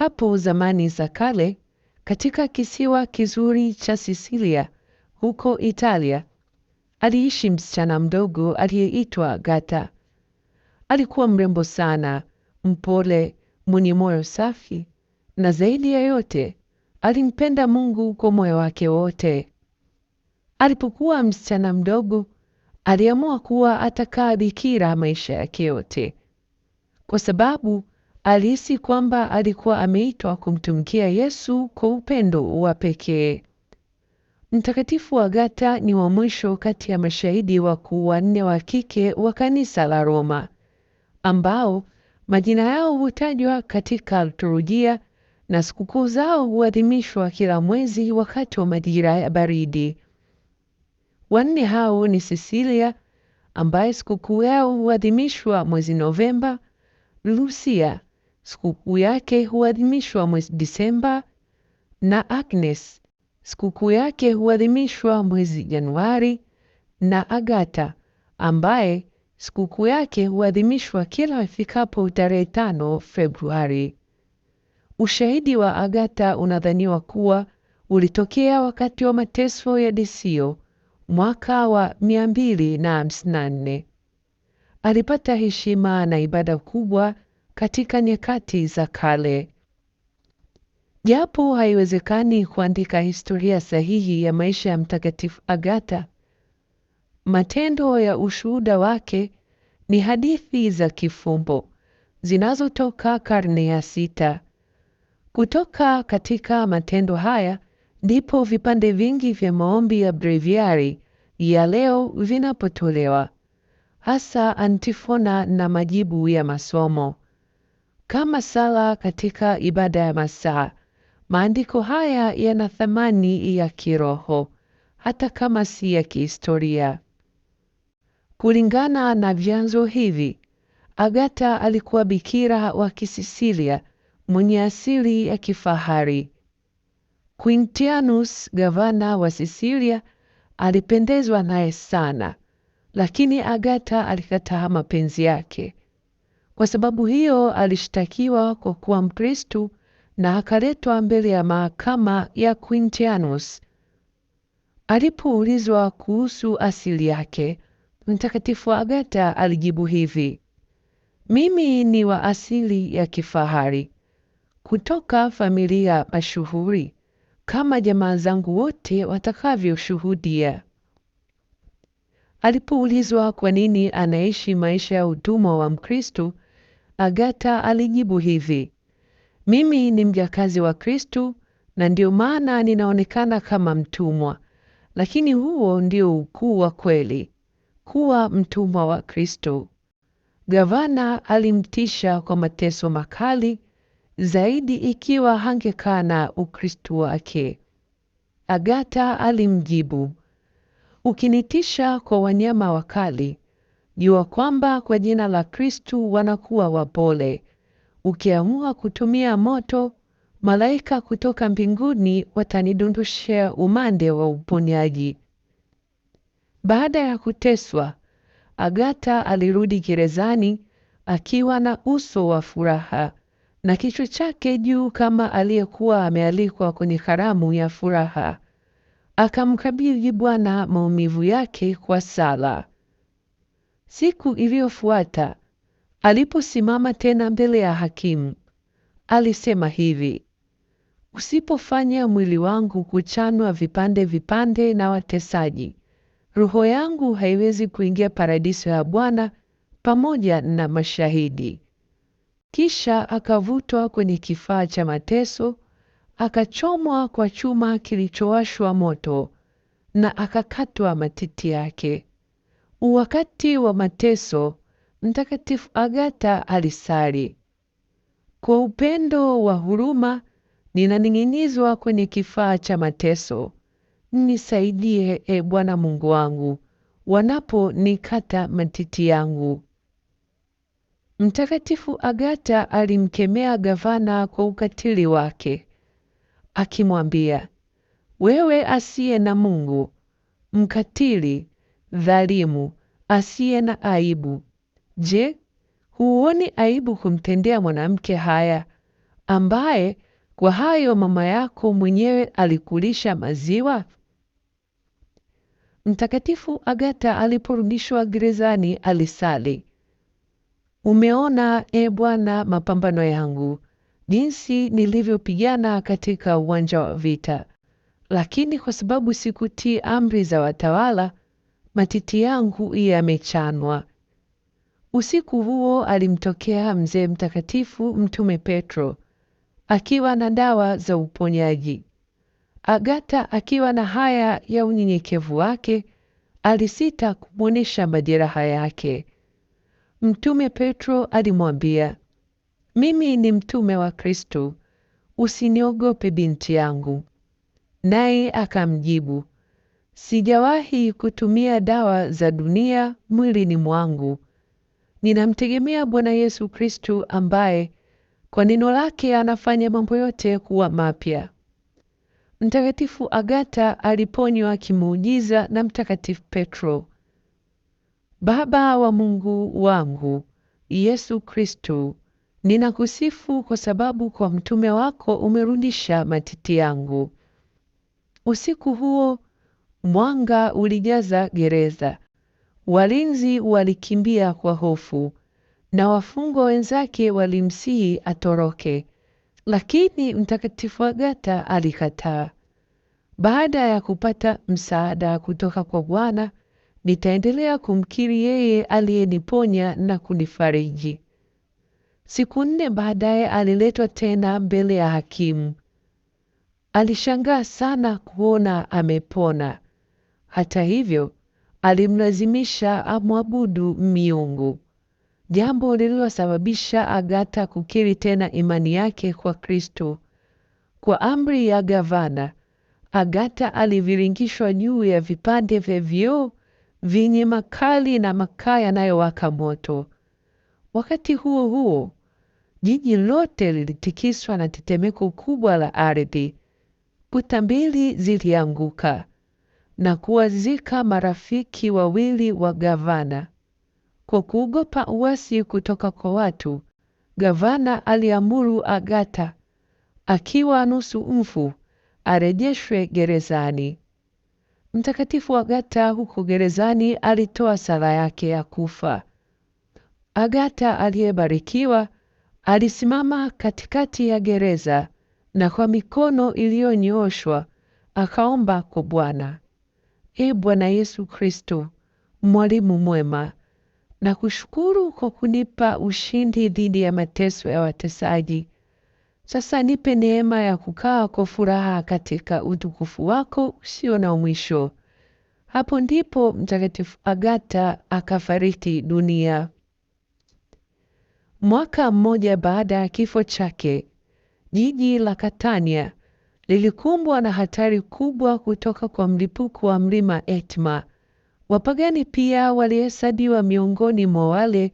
Hapo zamani za kale, katika kisiwa kizuri cha Sisilia huko Italia, aliishi msichana mdogo aliyeitwa Gata. Alikuwa mrembo sana, mpole, mwenye moyo safi, na zaidi ya yote alimpenda Mungu kwa moyo wake wote. Alipokuwa msichana mdogo, aliamua kuwa atakaa bikira maisha yake yote, kwa sababu alihisi kwamba alikuwa ameitwa kumtumikia Yesu kwa upendo wa pekee. Mtakatifu Agata ni wa mwisho kati ya mashahidi wakuu wanne wa kike wa kanisa la Roma ambao majina yao hutajwa katika liturujia na sikukuu zao huadhimishwa kila mwezi wakati wa majira ya baridi. Wanne hao ni Sisilia ambaye sikukuu yao huadhimishwa mwezi Novemba, Lucia Sikukuu yake huadhimishwa mwezi Disemba na Agnes sikukuu yake huadhimishwa mwezi Januari na Agata ambaye sikukuu yake huadhimishwa kila ifikapo tarehe tano Februari. Ushahidi wa Agata unadhaniwa kuwa ulitokea wakati wa mateso ya Desio mwaka wa 254. Alipata heshima na ibada kubwa katika nyakati za kale. Japo haiwezekani kuandika historia sahihi ya maisha ya Mtakatifu Agata, matendo ya ushuhuda wake ni hadithi za kifumbo zinazotoka karne ya sita. Kutoka katika matendo haya ndipo vipande vingi vya maombi ya breviari ya leo vinapotolewa, hasa antifona na majibu ya masomo kama sala katika ibada ya masaa. Maandiko haya yana thamani ya kiroho hata kama si ya kihistoria. Kulingana na vyanzo hivi, Agata alikuwa bikira wa Kisisilia mwenye asili ya kifahari. Quintianus, gavana wa Sisilia, alipendezwa naye sana, lakini Agata alikataa mapenzi yake. Kwa sababu hiyo alishtakiwa kwa kuwa Mkristo na akaletwa mbele ya mahakama ya Quintianus. Alipoulizwa kuhusu asili yake, Mtakatifu Agata alijibu hivi: mimi ni wa asili ya kifahari kutoka familia mashuhuri kama jamaa zangu wote watakavyoshuhudia. Alipoulizwa kwa nini anaishi maisha ya utumwa wa Mkristo, Agata alijibu hivi, mimi ni mjakazi wa Kristu na ndio maana ninaonekana kama mtumwa, lakini huo ndio ukuu wa kweli, kuwa mtumwa wa Kristo. Gavana alimtisha kwa mateso makali zaidi ikiwa hangekana ukristu Ukristo wake. Agata alimjibu, ukinitisha kwa wanyama wakali, Jua kwamba kwa jina la Kristu wanakuwa wapole. Ukiamua kutumia moto, malaika kutoka mbinguni watanidundushia umande wa uponyaji. Baada ya kuteswa, Agata alirudi gerezani akiwa na uso wa furaha na kichwa chake juu kama aliyekuwa amealikwa kwenye karamu ya furaha. Akamkabidhi Bwana maumivu yake kwa sala. Siku iliyofuata aliposimama tena mbele ya hakimu, alisema hivi: usipofanya mwili wangu kuchanwa vipande vipande na watesaji, roho yangu haiwezi kuingia paradiso ya Bwana pamoja na mashahidi. Kisha akavutwa kwenye kifaa cha mateso, akachomwa kwa chuma kilichowashwa moto na akakatwa matiti yake. Wakati wa mateso, Mtakatifu Agata alisali kwa upendo wa huruma, ninaning'inizwa kwenye kifaa cha mateso. Nisaidie, e Bwana Mungu wangu, wanaponikata matiti yangu. Mtakatifu Agata alimkemea gavana kwa ukatili wake, akimwambia, wewe asiye na Mungu, mkatili dhalimu, asiye na aibu. Je, huoni aibu kumtendea mwanamke haya, ambaye kwa hayo mama yako mwenyewe alikulisha maziwa? Mtakatifu Agata aliporudishwa gerezani alisali: Umeona, e Bwana, mapambano yangu, jinsi nilivyopigana katika uwanja wa vita. Lakini kwa sababu sikutii amri za watawala, matiti yangu yamechanwa. Usiku huo alimtokea mzee mtakatifu Mtume Petro akiwa na dawa za uponyaji. Agata akiwa na haya ya unyenyekevu wake alisita kumwonyesha majeraha yake. Mtume Petro alimwambia, mimi ni mtume wa Kristo, usiniogope binti yangu. Naye akamjibu, Sijawahi kutumia dawa za dunia mwilini mwangu. Ninamtegemea Bwana Yesu Kristu ambaye kwa neno lake anafanya mambo yote kuwa mapya. Mtakatifu Agata aliponywa kimuujiza na Mtakatifu Petro. Baba wa Mungu wangu Yesu Kristu, ninakusifu kwa sababu kwa mtume wako umerudisha matiti yangu. Usiku huo Mwanga ulijaza gereza, walinzi walikimbia kwa hofu, na wafungwa wenzake walimsihi atoroke, lakini Mtakatifu Agata alikataa. Baada ya kupata msaada kutoka kwa Bwana, nitaendelea kumkiri yeye aliyeniponya na kunifariji. Siku nne baadaye aliletwa tena mbele ya hakimu. Alishangaa sana kuona amepona. Hata hivyo alimlazimisha amwabudu miungu, jambo lililosababisha agata kukiri tena imani yake kwa Kristo. Kwa amri ya gavana, agata aliviringishwa juu ya vipande vya vioo vyenye makali na makaa yanayowaka moto. Wakati huo huo, jiji lote lilitikiswa na tetemeko kubwa la ardhi. Kuta mbili zilianguka, na kuwazika marafiki wawili wa gavana. Kwa kuogopa uasi kutoka kwa watu, gavana aliamuru Agata akiwa nusu mfu arejeshwe gerezani. Mtakatifu Agata huko gerezani alitoa sala yake ya kufa. Agata aliyebarikiwa alisimama katikati ya gereza na kwa mikono iliyonyooshwa akaomba kwa Bwana e Bwana Yesu Kristo, mwalimu mwema, na kushukuru kwa kunipa ushindi dhidi ya mateso ya watesaji. Sasa nipe neema ya kukaa kwa furaha katika utukufu wako usio na mwisho. Hapo ndipo Mtakatifu Agata akafariki dunia. Mwaka mmoja baada ya kifo chake, jiji la Katania lilikumbwa na hatari kubwa kutoka kwa mlipuko wa mlima etma Wapagani pia walihesabiwa miongoni mwa wale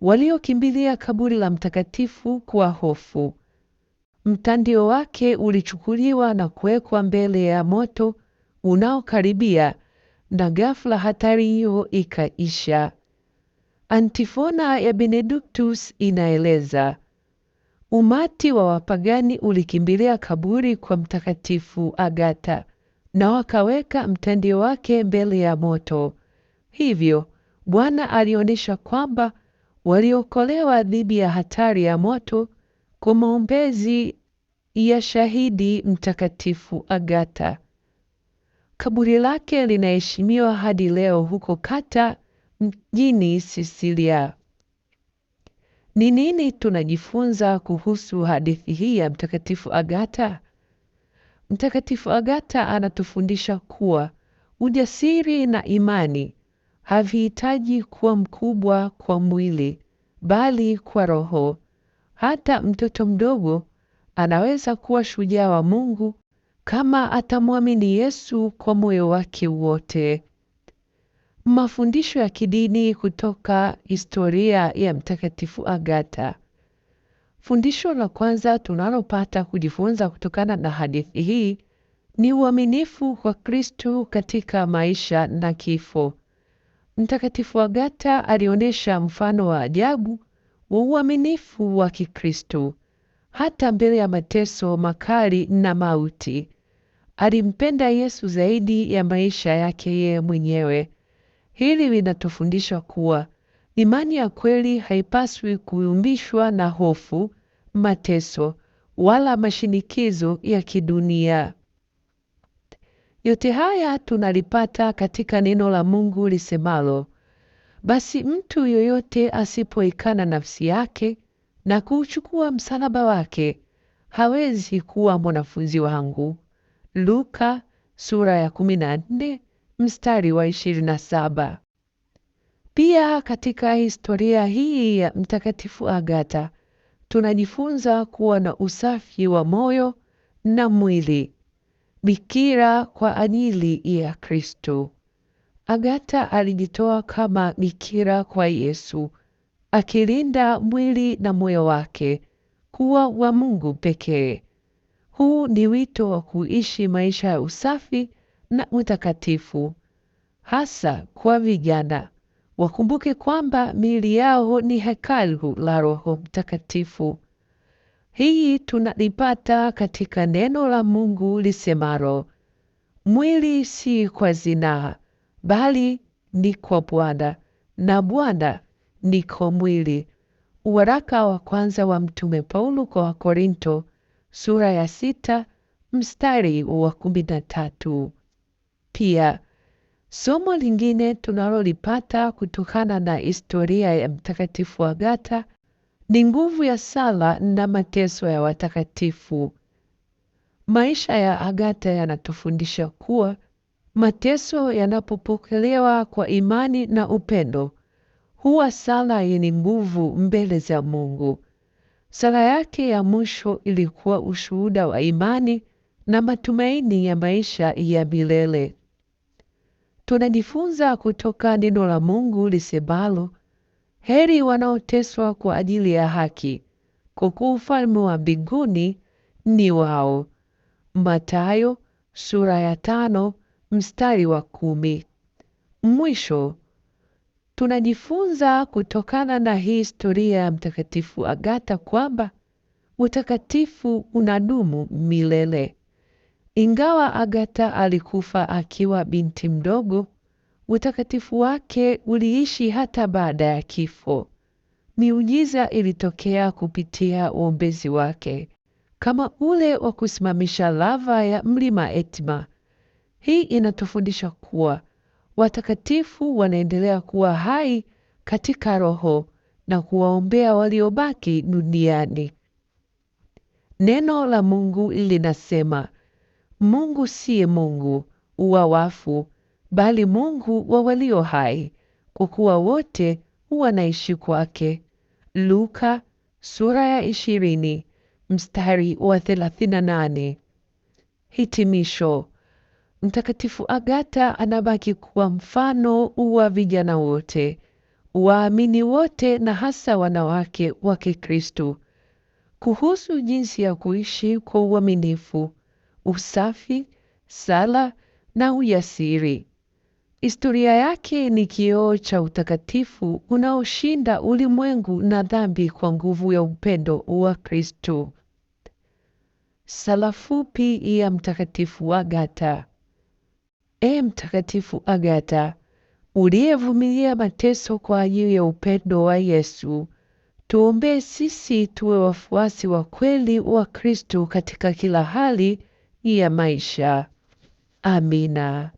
waliokimbilia kaburi la mtakatifu kwa hofu. Mtandio wake ulichukuliwa na kuwekwa mbele ya moto unaokaribia, na ghafla hatari hiyo ikaisha. Antifona ya Benedictus inaeleza Umati wa wapagani ulikimbilia kaburi kwa Mtakatifu Agata na wakaweka mtandio wake mbele ya moto. Hivyo Bwana alionyesha kwamba waliokolewa dhidi ya hatari ya moto kwa maombezi ya shahidi Mtakatifu Agata. Kaburi lake linaheshimiwa hadi leo huko Kata mjini Sisilia. Ni nini tunajifunza kuhusu hadithi hii ya Mtakatifu Agata? Mtakatifu Agata anatufundisha kuwa ujasiri na imani havihitaji kuwa mkubwa kwa mwili, bali kwa roho. Hata mtoto mdogo anaweza kuwa shujaa wa Mungu kama atamwamini Yesu kwa moyo wake wote. Mafundisho ya kidini kutoka historia ya Mtakatifu Agata. Fundisho la kwanza tunalopata kujifunza kutokana na hadithi hii ni uaminifu kwa kristu katika maisha na kifo. Mtakatifu Agata alionyesha mfano wa ajabu wa uaminifu wa kikristu hata mbele ya mateso makali na mauti. Alimpenda Yesu zaidi ya maisha yake yeye mwenyewe. Hili linatufundisha kuwa imani ya kweli haipaswi kuyumbishwa na hofu, mateso wala mashinikizo ya kidunia. Yote haya tunalipata katika neno la Mungu lisemalo, basi mtu yoyote asipoikana nafsi yake na kuuchukua msalaba wake hawezi kuwa mwanafunzi wangu. Luka sura ya mstari wa ishirini saba. Pia katika historia hii ya Mtakatifu Agata tunajifunza kuwa na usafi wa moyo na mwili, bikira kwa ajili ya Kristo. Agata alijitoa kama bikira kwa Yesu, akilinda mwili na moyo wake kuwa wa Mungu pekee. Huu ni wito wa kuishi maisha ya usafi na utakatifu, hasa kwa vijana wakumbuke kwamba miili yao ni hekalu la Roho Mtakatifu. Hii tunalipata katika neno la Mungu lisemalo, mwili si kwa zinaa, bali ni kwa Bwana na Bwana ni kwa mwili. Waraka wa kwanza wa Mtume Paulo kwa Wakorinto sura ya sita mstari wa kumi na tatu pia. Somo lingine tunalolipata kutokana na historia ya Mtakatifu Agata ni nguvu ya sala na mateso ya watakatifu. Maisha ya Agata yanatufundisha kuwa mateso yanapopokelewa kwa imani na upendo huwa sala yenye nguvu mbele za Mungu. Sala yake ya mwisho ilikuwa ushuhuda wa imani na matumaini ya maisha ya milele. Tunajifunza kutoka neno la Mungu lisebalo, heri wanaoteswa kwa ajili ya haki, kwa kuwa ufalme wa mbinguni ni wao. Mathayo sura ya tano mstari wa kumi. Mwisho, tunajifunza kutokana na hii historia ya Mtakatifu Agata kwamba utakatifu unadumu milele. Ingawa Agatha alikufa akiwa binti mdogo, utakatifu wake uliishi hata baada ya kifo. Miujiza ilitokea kupitia uombezi wake, kama ule wa kusimamisha lava ya mlima Etna. Hii inatufundisha kuwa watakatifu wanaendelea kuwa hai katika roho na kuwaombea waliobaki duniani. Neno la Mungu linasema Mungu siye Mungu wa wafu, bali Mungu wa walio hai, kwa kuwa wote wanaishi kwake. Luka sura ya ishirini mstari wa 38. Hitimisho. Mtakatifu Agata anabaki kuwa mfano wa vijana wote, waamini wote na hasa wanawake wa Kikristo, kuhusu jinsi ya kuishi kwa uaminifu, usafi, sala na ujasiri. Historia yake ni kioo cha utakatifu unaoshinda ulimwengu na dhambi kwa nguvu ya upendo wa Kristo. Sala fupi ya Mtakatifu Agata. E Mtakatifu Agata, uliyevumilia mateso kwa ajili ya upendo wa Yesu, tuombee sisi tuwe wafuasi wa kweli wa Kristo katika kila hali e a Amina.